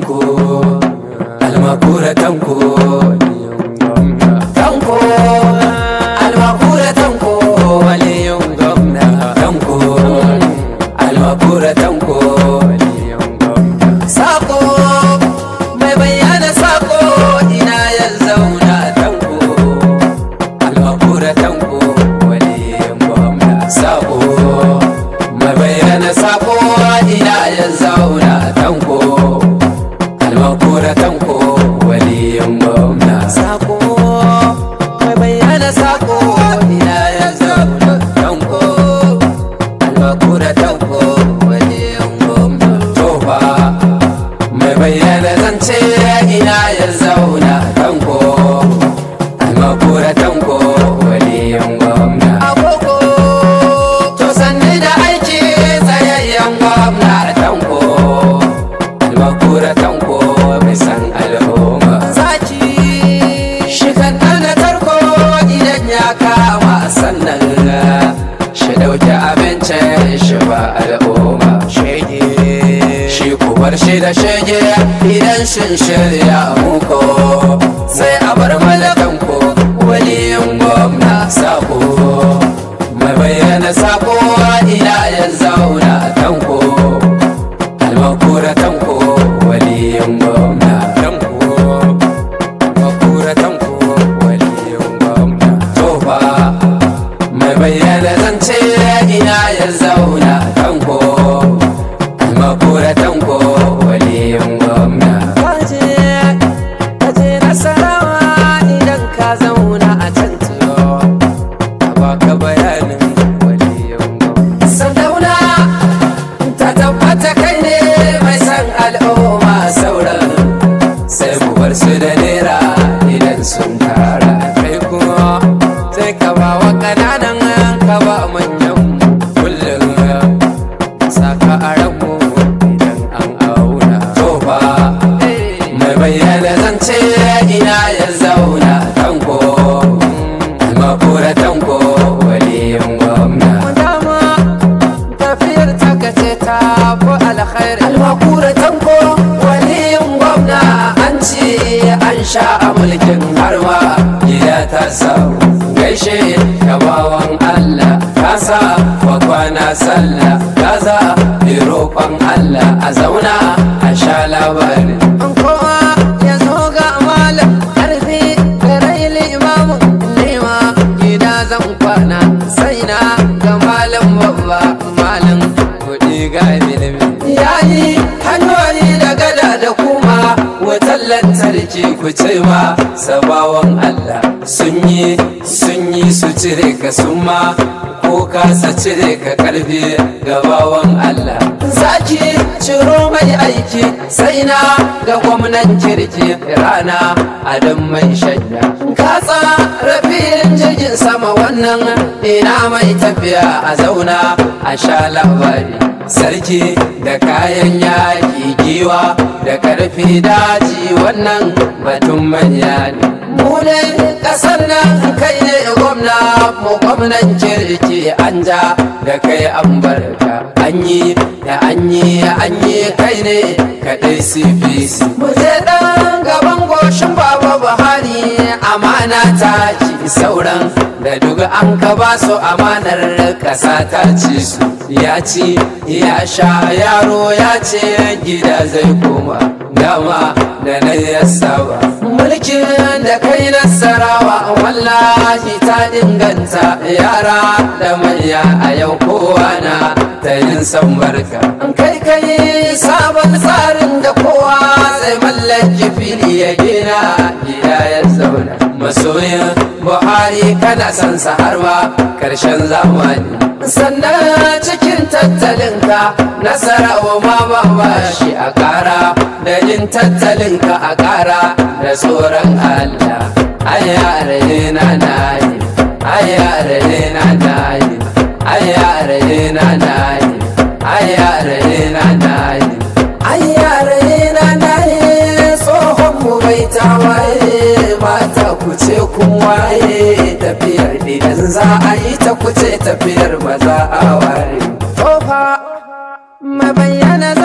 tanko almakura tanko ¡Gracias! bar da shege idan shin shirya muku sai a bar bar su da naira idan sun tara kai kuma sai ka ba wa ƙananan ka ba manyan kullum saka a rako idan an auna to ba mai bayyana ce ina ya zauna tanko makura tanko waliyan gwamna an sha a mulkin harwa gida ta sau gaishe ga bawan Allah ta sa wa kwana sallah ta za roƙon Allah a zauna a sha labarin wutar lantarki ku ce ma sabawan Allah sun yi sun yi su cire ka sun ma ko kasa cire ka karfe gabawan Allah zaki ciro mai aiki sai na ga gwamnan kirki rana a don mai shanya ka tsara filin jirgin sama wannan ina mai tafiya a zauna a sha labari sarki da kayan yaki giwa da karfi daji wannan batun manya ne mu ne ƙasar nan kai ne gwamna mu gwamnan kirki an ja da kai an barka an yi da an yi an yi kai ne kaɗai cpc mu je ɗan gaban goshin baba buhari amana ta ci sauran da duga an ka ba su amanar kasa ta ci su ya ci ya sha yaro ya ce gida zai koma dama da na ya saba mulkin da kai nasarawa wallahi ta inganta yara da manya a yau kowa na ta yin san barka kai kai sabon tsarin da kowa zai mallaki fili ya gina gida ya zauna masoyin tare kana son sa har karshen zamani sannan cikin tattalinka nasara ma ba ba shi a ƙara da yin tattalinka a ƙara da tsoron Allah ayyare ne na nayi ayyare ne na nayi ayyare ne na nayi ayyare ne na nayi ayyare ne na nayi tsohon mu bai tawaye mata ku ce kun waye za a yi ta kuce tafiyar ba za a ware. Tofa, mabayyana